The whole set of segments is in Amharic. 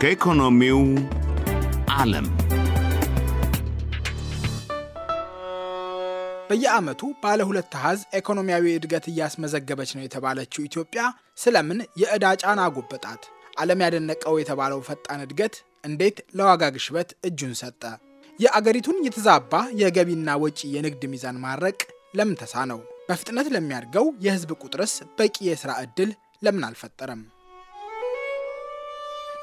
ከኢኮኖሚው ዓለም በየዓመቱ ባለ ሁለት አሃዝ ኢኮኖሚያዊ እድገት እያስመዘገበች ነው የተባለችው ኢትዮጵያ ስለምን የዕዳ ጫና አጎበጣት? ዓለም ያደነቀው የተባለው ፈጣን እድገት እንዴት ለዋጋ ግሽበት እጁን ሰጠ? የአገሪቱን የተዛባ የገቢና ወጪ የንግድ ሚዛን ማድረቅ ለምን ተሳነው? በፍጥነት ለሚያድገው የህዝብ ቁጥርስ በቂ የስራ ዕድል ለምን አልፈጠረም?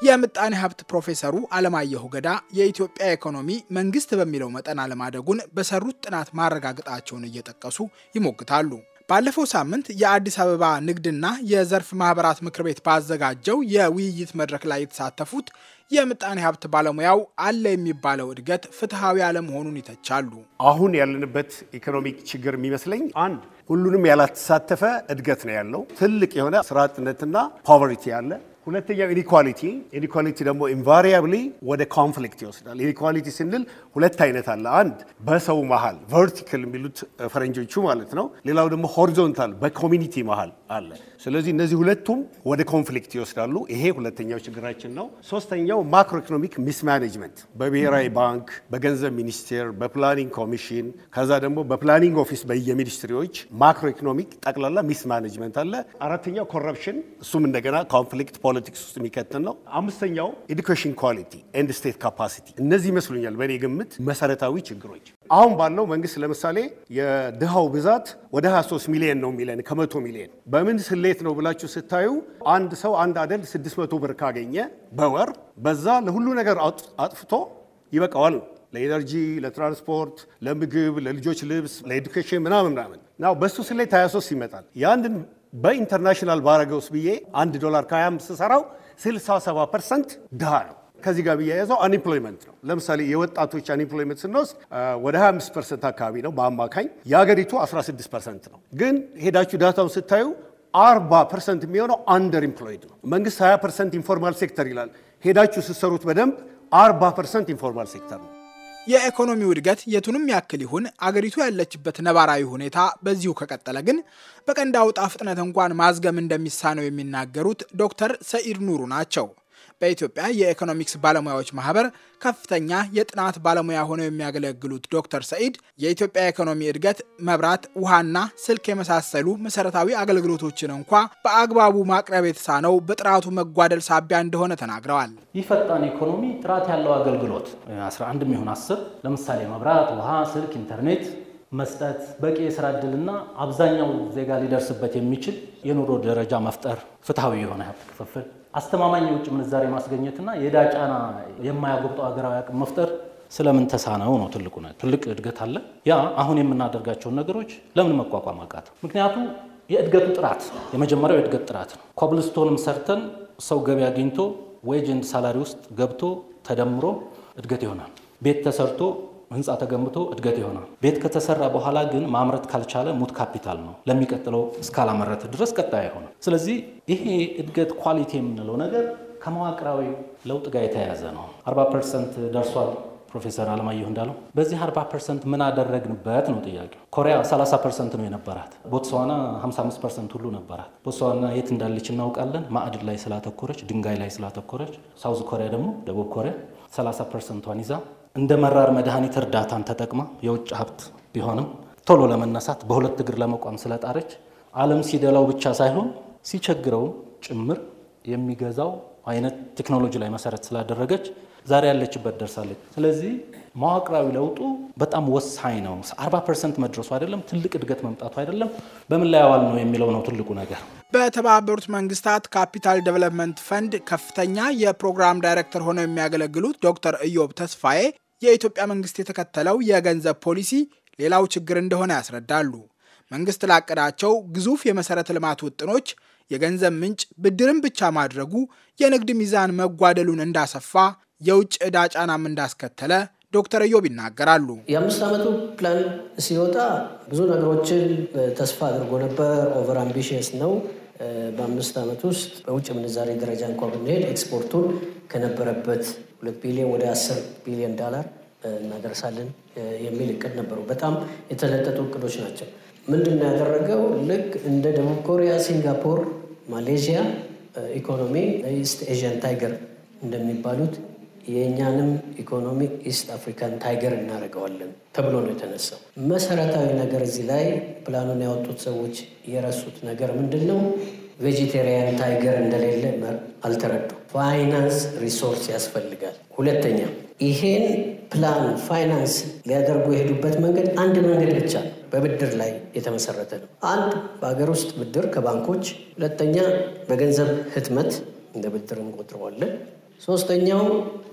የምጣኔ ሀብት ፕሮፌሰሩ አለማየሁ ገዳ የኢትዮጵያ ኢኮኖሚ መንግስት በሚለው መጠን አለማደጉን በሰሩት ጥናት ማረጋገጣቸውን እየጠቀሱ ይሞግታሉ። ባለፈው ሳምንት የአዲስ አበባ ንግድና የዘርፍ ማህበራት ምክር ቤት ባዘጋጀው የውይይት መድረክ ላይ የተሳተፉት የምጣኔ ሀብት ባለሙያው አለ የሚባለው እድገት ፍትሐዊ አለመሆኑን ይተቻሉ። አሁን ያለንበት ኢኮኖሚክ ችግር የሚመስለኝ አንድ ሁሉንም ያላተሳተፈ እድገት ነው ያለው። ትልቅ የሆነ ስራ አጥነትና ፖቨርቲ ያለ ሁለተኛው ኢኒኳሊቲ ኢኒኳሊቲ ደግሞ ኢንቫሪያብሊ ወደ ኮንፍሊክት ይወስዳል። ኢኒኳሊቲ ስንል ሁለት አይነት አለ። አንድ በሰው መሀል ቨርቲካል የሚሉት ፈረንጆቹ ማለት ነው። ሌላው ደግሞ ሆሪዞንታል በኮሚኒቲ መሃል አለ። ስለዚህ እነዚህ ሁለቱም ወደ ኮንፍሊክት ይወስዳሉ። ይሄ ሁለተኛው ችግራችን ነው። ሶስተኛው ማክሮ ኢኮኖሚክ ሚስማኔጅመንት በብሔራዊ ባንክ፣ በገንዘብ ሚኒስቴር፣ በፕላኒንግ ኮሚሽን ከዛ ደግሞ በፕላኒንግ ኦፊስ በየሚኒስትሪዎች ማክሮ ኢኮኖሚክ ጠቅላላ ሚስማኔጅመንት አለ። አራተኛው ኮረፕሽን፣ እሱም እንደገና ኮንፍሊክት ፖለቲክስ ውስጥ የሚከትል ነው። አምስተኛው ኤዱኬሽን ኳሊቲ ኤንድ ስቴት ካፓሲቲ። እነዚህ ይመስሉኛል በእኔ ግምት መሰረታዊ ችግሮች። አሁን ባለው መንግስት ለምሳሌ የድሃው ብዛት ወደ 23 ሚሊዮን ነው የሚለን ከመቶ ሚሊዮን። በምን ስሌት ነው ብላችሁ ስታዩ አንድ ሰው አንድ አደል 600 ብር ካገኘ በወር በዛ ለሁሉ ነገር አጥፍቶ ይበቃዋል ነው ለኤነርጂ፣ ለትራንስፖርት፣ ለምግብ፣ ለልጆች ልብስ፣ ለኤዱኬሽን ምናምን ምናምን። በሱ ስሌት 23 ይመጣል። የአንድን በኢንተርናሽናል ባረገውስ ብዬ አንድ ዶላር ከ25 ሰራው 67 ፐርሰንት ድሃ ነው። ከዚህ ጋር ብያያዘው አንኤምፕሎይመንት ነው። ለምሳሌ የወጣቶች አንኤምፕሎይመንት ስንወስድ ወደ 25 ፐርሰንት አካባቢ ነው በአማካኝ የሀገሪቱ 16 ፐርሰንት ነው። ግን ሄዳችሁ ዳታውን ስታዩ 40 ፐርሰንት የሚሆነው አንደር ኢምፕሎይድ ነው። መንግስት 20 ፐርሰንት ኢንፎርማል ሴክተር ይላል። ሄዳችሁ ስትሰሩት በደንብ 40 ፐርሰንት ኢንፎርማል ሴክተር ነው። የኢኮኖሚው እድገት የቱንም ያክል ይሁን አገሪቱ ያለችበት ነባራዊ ሁኔታ በዚሁ ከቀጠለ ግን በቀንድ አውጣ ፍጥነት እንኳን ማዝገም እንደሚሳነው የሚናገሩት ዶክተር ሰኢድ ኑሩ ናቸው። በኢትዮጵያ የኢኮኖሚክስ ባለሙያዎች ማህበር ከፍተኛ የጥናት ባለሙያ ሆነው የሚያገለግሉት ዶክተር ሰኢድ የኢትዮጵያ ኢኮኖሚ እድገት መብራት፣ ውሃና ስልክ የመሳሰሉ መሰረታዊ አገልግሎቶችን እንኳ በአግባቡ ማቅረብ የተሳነው በጥራቱ መጓደል ሳቢያ እንደሆነ ተናግረዋል። ይህ ፈጣን ኢኮኖሚ ጥራት ያለው አገልግሎት 11 የሚሆን 10 ለምሳሌ መብራት፣ ውሃ፣ ስልክ፣ ኢንተርኔት መስጠት በቂ የስራ እድልና አብዛኛው ዜጋ ሊደርስበት የሚችል የኑሮ ደረጃ መፍጠር፣ ፍትሐዊ የሆነ ሀብት ክፍፍል አስተማማኝ የውጭ ምንዛሬ ማስገኘትና የዕዳ ጫና የማያጎብጠው ሀገራዊ አቅም መፍጠር ስለምን ተሳነው ነው ትልቁ ነ ትልቅ እድገት አለ። ያ አሁን የምናደርጋቸውን ነገሮች ለምን መቋቋም አቃት? ምክንያቱ የእድገቱ ጥራት የመጀመሪያው የእድገት ጥራት ነው። ኮብልስቶንም ሰርተን ሰው ገቢ አግኝቶ ዌጅ ኤንድ ሳላሪ ውስጥ ገብቶ ተደምሮ እድገት ይሆናል። ቤት ተሰርቶ ህንፃ ተገንብቶ እድገት ይሆናል። ቤት ከተሰራ በኋላ ግን ማምረት ካልቻለ ሙት ካፒታል ነው። ለሚቀጥለው እስካላመረት ድረስ ቀጣይ አይሆንም። ስለዚህ ይሄ እድገት ኳሊቲ የምንለው ነገር ከመዋቅራዊ ለውጥ ጋር የተያያዘ ነው። 40 ፐርሰንት ደርሷል። ፕሮፌሰር አለማየሁ እንዳለው በዚህ 40 ፐርሰንት ምን አደረግንበት ነው ጥያቄው። ኮሪያ 30 ፐርሰንት ነው የነበራት፣ ቦትስዋና 55 ፐርሰንት ሁሉ ነበራት። ቦትስዋና የት እንዳለች እናውቃለን፣ ማዕድን ላይ ስላተኮረች፣ ድንጋይ ላይ ስላተኮረች። ሳውዝ ኮሪያ ደግሞ ደቡብ ኮሪያ 30 ፐርሰንቷን ይዛ እንደ መራር መድኃኒት እርዳታን ተጠቅማ የውጭ ሀብት ቢሆንም ቶሎ ለመነሳት በሁለት እግር ለመቆም ስለጣረች ዓለም ሲደላው ብቻ ሳይሆን ሲቸግረውም ጭምር የሚገዛው አይነት ቴክኖሎጂ ላይ መሰረት ስላደረገች ዛሬ ያለችበት ደርሳለች። ስለዚህ መዋቅራዊ ለውጡ በጣም ወሳኝ ነው። 40 ፐርሰንት መድረሱ አይደለም ትልቅ እድገት መምጣቱ አይደለም በምን ላይ አዋል ነው የሚለው ነው ትልቁ ነገር። በተባበሩት መንግስታት ካፒታል ዴቨሎፕመንት ፈንድ ከፍተኛ የፕሮግራም ዳይሬክተር ሆነው የሚያገለግሉት ዶክተር እዮብ ተስፋዬ የኢትዮጵያ መንግስት የተከተለው የገንዘብ ፖሊሲ ሌላው ችግር እንደሆነ ያስረዳሉ። መንግስት ላቀዳቸው ግዙፍ የመሰረተ ልማት ውጥኖች የገንዘብ ምንጭ ብድርን ብቻ ማድረጉ የንግድ ሚዛን መጓደሉን እንዳሰፋ፣ የውጭ ዕዳ ጫናም እንዳስከተለ ዶክተር እዮብ ይናገራሉ። የአምስት ዓመቱ ፕላን ሲወጣ ብዙ ነገሮችን ተስፋ አድርጎ ነበር። ኦቨር አምቢሽየስ ነው። በአምስት ዓመት ውስጥ በውጭ ምንዛሬ ደረጃ እንኳ ብንሄድ ኤክስፖርቱን ከነበረበት ሁለት ቢሊዮን ወደ አስር ቢሊዮን ዳላር እናደርሳለን የሚል እቅድ ነበሩ። በጣም የተለጠጡ እቅዶች ናቸው። ምንድን ነው ያደረገው? ልክ እንደ ደቡብ ኮሪያ፣ ሲንጋፖር፣ ማሌዥያ ኢኮኖሚ ኢስት ኤዥያን ታይገር እንደሚባሉት የእኛንም ኢኮኖሚ ኢስት አፍሪካን ታይገር እናደርገዋለን ተብሎ ነው የተነሳው። መሰረታዊ ነገር እዚህ ላይ ፕላኑን ያወጡት ሰዎች የረሱት ነገር ምንድን ነው? ቬጂቴሪያን ታይገር እንደሌለ አልተረዱ። ፋይናንስ ሪሶርስ ያስፈልጋል። ሁለተኛ ይሄን ፕላን ፋይናንስ ሊያደርጉ የሄዱበት መንገድ አንድ መንገድ ብቻ ነው፣ በብድር ላይ የተመሰረተ ነው። አንድ በሀገር ውስጥ ብድር ከባንኮች፣ ሁለተኛ በገንዘብ ህትመት እንደ ብድር እንቆጥረዋለን። ሶስተኛው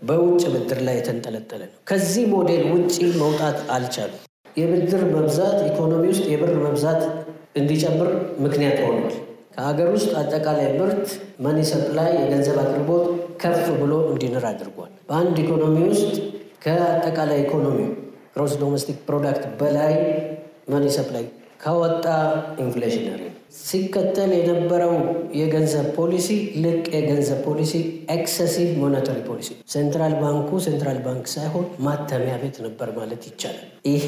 በውጭ ብድር ላይ የተንጠለጠለ ነው። ከዚህ ሞዴል ውጭ መውጣት አልቻሉም። የብድር መብዛት ኢኮኖሚ ውስጥ የብር መብዛት እንዲጨምር ምክንያት ሆኗል። ከሀገር ውስጥ አጠቃላይ ምርት መኒ ሰፕላይ የገንዘብ አቅርቦት ከፍ ብሎ እንዲኖር አድርጓል። በአንድ ኢኮኖሚ ውስጥ ከአጠቃላይ ኢኮኖሚ ግሮስ ዶሜስቲክ ፕሮዳክት በላይ መኒ ሰፕላይ ከወጣ ኢንፍሌሽነሪ ሲከተል የነበረው የገንዘብ ፖሊሲ ልቅ የገንዘብ ፖሊሲ ኤክሰሲቭ ሞኔታሪ ፖሊሲ ሴንትራል ባንኩ ሴንትራል ባንክ ሳይሆን ማተሚያ ቤት ነበር ማለት ይቻላል። ይሄ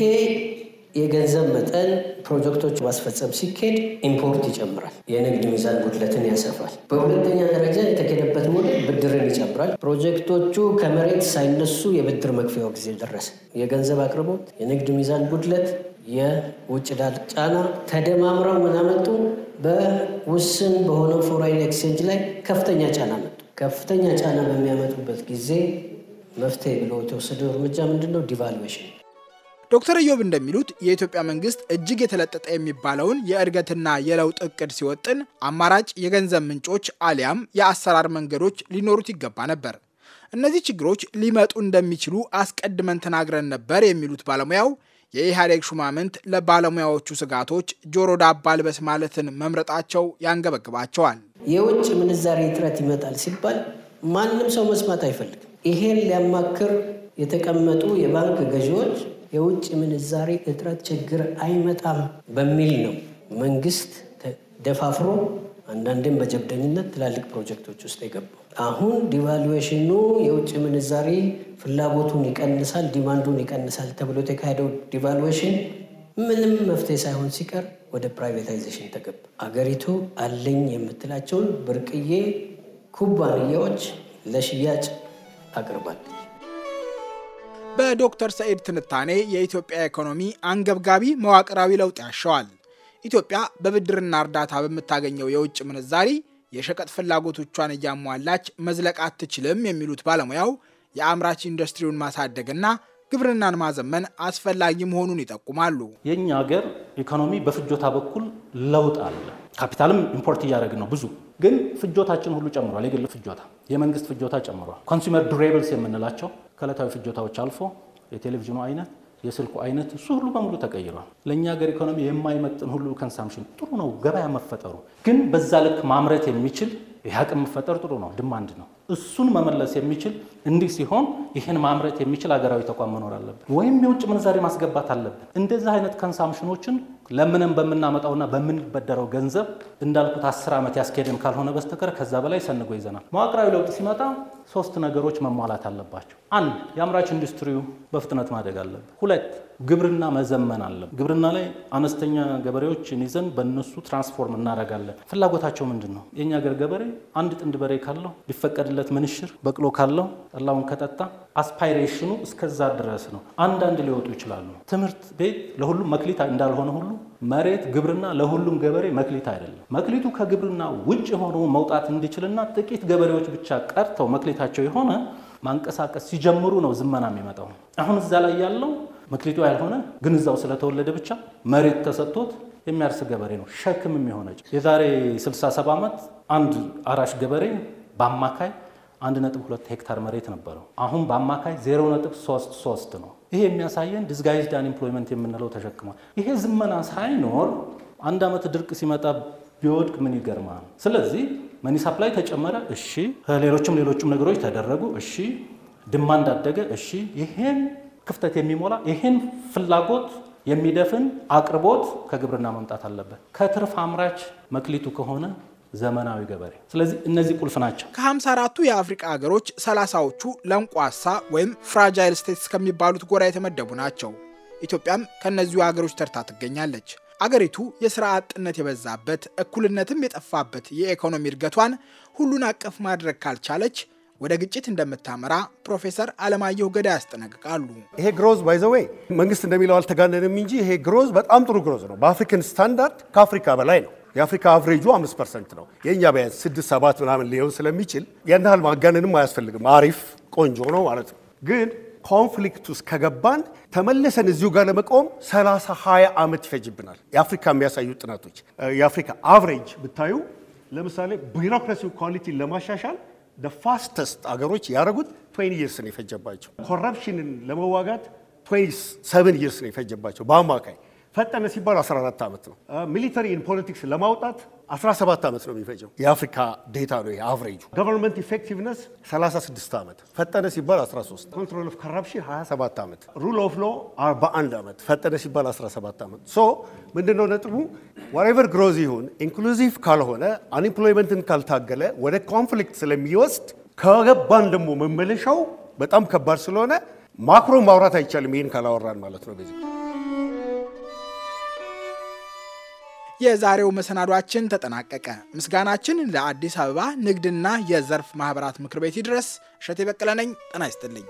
የገንዘብ መጠን ፕሮጀክቶች ማስፈጸም ሲካሄድ ኢምፖርት ይጨምራል፣ የንግድ ሚዛን ጉድለትን ያሰፋል። በሁለተኛ ደረጃ የተኬደበት ሞዴል ብድርን ይጨምራል። ፕሮጀክቶቹ ከመሬት ሳይነሱ የብድር መክፈያው ጊዜ ደረሰ። የገንዘብ አቅርቦት፣ የንግድ ሚዛን ጉድለት፣ የውጭ ዕዳ ጫና ተደማምረው ምናመጡ በውስን በሆነው ፎሬን ኤክስቼንጅ ላይ ከፍተኛ ጫና መጡ። ከፍተኛ ጫና በሚያመጡበት ጊዜ መፍትሄ ብሎ የተወሰደው እርምጃ ምንድነው ዲቫሉዌሽን ዶክተር ኢዮብ እንደሚሉት የኢትዮጵያ መንግስት እጅግ የተለጠጠ የሚባለውን የእድገትና የለውጥ እቅድ ሲወጥን አማራጭ የገንዘብ ምንጮች አሊያም የአሰራር መንገዶች ሊኖሩት ይገባ ነበር። እነዚህ ችግሮች ሊመጡ እንደሚችሉ አስቀድመን ተናግረን ነበር የሚሉት ባለሙያው የኢህአዴግ ሹማምንት ለባለሙያዎቹ ስጋቶች ጆሮ ዳባ ልበስ ማለትን መምረጣቸው ያንገበግባቸዋል። የውጭ ምንዛሬ እጥረት ይመጣል ሲባል ማንም ሰው መስማት አይፈልግም። ይሄን ሊያማክር የተቀመጡ የባንክ ገዢዎች የውጭ ምንዛሬ እጥረት ችግር አይመጣም በሚል ነው መንግስት ደፋፍሮ አንዳንድም በጀብደኝነት ትላልቅ ፕሮጀክቶች ውስጥ የገባው። አሁን ዲቫሉዌሽኑ የውጭ ምንዛሬ ፍላጎቱን ይቀንሳል፣ ዲማንዱን ይቀንሳል ተብሎ የተካሄደው ዲቫሉዌሽን ምንም መፍትሄ ሳይሆን ሲቀር ወደ ፕራይቬታይዜሽን ተገባ። አገሪቱ አለኝ የምትላቸውን ብርቅዬ ኩባንያዎች ለሽያጭ አቅርባለች። በዶክተር ሰኢድ ትንታኔ የኢትዮጵያ ኢኮኖሚ አንገብጋቢ መዋቅራዊ ለውጥ ያሸዋል። ኢትዮጵያ በብድርና እርዳታ በምታገኘው የውጭ ምንዛሪ የሸቀጥ ፍላጎቶቿን እያሟላች መዝለቅ አትችልም የሚሉት ባለሙያው የአምራች ኢንዱስትሪውን ማሳደግና ግብርናን ማዘመን አስፈላጊ መሆኑን ይጠቁማሉ። የእኛ ሀገር ኢኮኖሚ በፍጆታ በኩል ለውጥ አለ። ካፒታልም ኢምፖርት እያደረግ ነው ብዙ ግን ፍጆታችን ሁሉ ጨምሯል። የግል ፍጆታ፣ የመንግስት ፍጆታ ጨምሯል። ኮንሱመር ዱሬብልስ የምንላቸው ከእለታዊ ፍጆታዎች አልፎ የቴሌቪዥኑ አይነት፣ የስልኩ አይነት እሱ ሁሉ በሙሉ ተቀይሯል። ለእኛ ሀገር ኢኮኖሚ የማይመጥን ሁሉ ከንሳምሽን ጥሩ ነው ገበያ መፈጠሩ፣ ግን በዛ ልክ ማምረት የሚችል የአቅም መፈጠር ጥሩ ነው፣ ድማንድ ነው። እሱን መመለስ የሚችል እንዲህ ሲሆን ይህን ማምረት የሚችል ሀገራዊ ተቋም መኖር አለብን፣ ወይም የውጭ ምንዛሬ ማስገባት አለብን። እንደዚህ አይነት ከንሳምሽኖችን ለምንም በምናመጣውና በምንበደረው ገንዘብ እንዳልኩት አስር ዓመት ያስኬድን ካልሆነ በስተቀር ከዛ በላይ ሰንጎ ይዘናል። መዋቅራዊ ለውጥ ሲመጣ ሶስት ነገሮች መሟላት አለባቸው። አንድ የአምራች ኢንዱስትሪው በፍጥነት ማደግ አለበት። ሁለት ግብርና መዘመን አለበት። ግብርና ላይ አነስተኛ ገበሬዎችን ይዘን በእነሱ ትራንስፎርም እናደርጋለን። ፍላጎታቸው ምንድን ነው? የእኛ ሀገር ገበሬ አንድ ጥንድ በሬ ካለው ሊፈቀድለት ምንሽር በቅሎ ካለው ጠላውን ከጠጣ አስፓይሬሽኑ እስከዛ ድረስ ነው። አንዳንድ ሊወጡ ይችላሉ። ትምህርት ቤት ለሁሉም መክሊት እንዳልሆነ ሁሉ መሬት፣ ግብርና ለሁሉም ገበሬ መክሊት አይደለም። መክሊቱ ከግብርና ውጭ የሆነውን መውጣት እንዲችልና ጥቂት ገበሬዎች ብቻ ቀርተው መክሊታቸው የሆነ ማንቀሳቀስ ሲጀምሩ ነው ዝመና የሚመጣው። አሁን እዛ ላይ ያለው መክሊቱ ያልሆነ ግን እዛው ስለተወለደ ብቻ መሬት ተሰጥቶት የሚያርስ ገበሬ ነው ሸክም የሚሆነች። የዛሬ 67 ዓመት አንድ አራሽ ገበሬ በአማካይ 1.2 ሄክታር መሬት ነበረው። አሁን በአማካይ 0.33 ነው። ይሄ የሚያሳየን ዲስጋይዝድ አንኤምፕሎይመንት የምንለው ተሸክሟል። ይሄ ዝመና ሳይኖር አንድ ዓመት ድርቅ ሲመጣ ቢወድቅ ምን ይገርማል? ስለዚህ መኒ ሳፕላይ ተጨመረ፣ እሺ። ሌሎችም ሌሎችም ነገሮች ተደረጉ፣ እሺ። ድማ እንዳደገ፣ እሺ። ይሄን ክፍተት የሚሞላ ይሄን ፍላጎት የሚደፍን አቅርቦት ከግብርና መምጣት አለበት። ከትርፍ አምራች መክሊቱ ከሆነ ዘመናዊ ገበሬ። ስለዚህ እነዚህ ቁልፍ ናቸው። 54 የአፍሪቃ ሀገሮች 30ዎቹ ለንቋሳ ወይም ፍራጃይል ስቴትስ ከሚባሉት ጎራ የተመደቡ ናቸው። ኢትዮጵያም ከእነዚሁ ሀገሮች ተርታ ትገኛለች። አገሪቱ የሥራ አጥነት የበዛበት እኩልነትም የጠፋበት የኢኮኖሚ እድገቷን ሁሉን አቀፍ ማድረግ ካልቻለች ወደ ግጭት እንደምታመራ ፕሮፌሰር አለማየሁ ገዳ ያስጠነቅቃሉ። ይሄ ግሮዝ ባይዘወይ መንግስት እንደሚለው አልተጋነንም እንጂ ይሄ ግሮዝ በጣም ጥሩ ግሮዝ ነው። በአፍሪካን ስታንዳርድ ከአፍሪካ በላይ ነው። የአፍሪካ አቨሬጁ አምስት ፐርሰንት ነው። የእኛ ቢያንስ ስድስት ሰባት ምናምን ሊሆን ስለሚችል ያን ያህል ማጋነንም አያስፈልግም። አሪፍ ቆንጆ ነው ማለት ነው። ግን ኮንፍሊክት ውስጥ ከገባን ተመለሰን እዚሁ ጋር ለመቆም 30 20 ዓመት ይፈጅብናል። የአፍሪካ የሚያሳዩ ጥናቶች የአፍሪካ አቨሬጅ ብታዩ ለምሳሌ ቢሮክራሲ ኳሊቲ ለማሻሻል ፋስተስት አገሮች ያደረጉት ትዌንቲ ይርስ ነው የፈጀባቸው። ኮረፕሽንን ለመዋጋት ትዌንቲ ሰቨን ይርስ ነው የፈጀባቸው በአማካይ ፈጠነ ሲባል 14 ዓመት ነው። ኢን ፖለቲክስ ለማውጣት 17 ዓመት ነው የሚፈጀው። የአፍሪካ ዴታ ነው የአቨሬጁ። ገቨርንመንት ኢፌክቲቭነስ 36 ዓመት፣ ፈጠነ ሲባል 13። ኮንትሮል ኦፍ ከራፕሽን 27 ዓመት፣ ሩል ኦፍ ሎ 41 ዓመት፣ ፈጠነ ሲባል 17 ዓመት። ሶ ምንድነው ነጥቡ? ዋሬቨር ግሮዝ ይሁን ኢንክሉዚቭ ካልሆነ አንኤምፕሎይመንትን ካልታገለ ወደ ኮንፍሊክት ስለሚወስድ ከገባን ደግሞ መመለሻው በጣም ከባድ ስለሆነ ማክሮ ማውራት አይቻልም። ይህን ካላወራን ማለት ነው በዚህ የዛሬው መሰናዷችን ተጠናቀቀ። ምስጋናችን ለአዲስ አበባ ንግድና የዘርፍ ማህበራት ምክር ቤት ይድረስ። እሸቴ በቀለ ነኝ። ጤና ይስጥልኝ።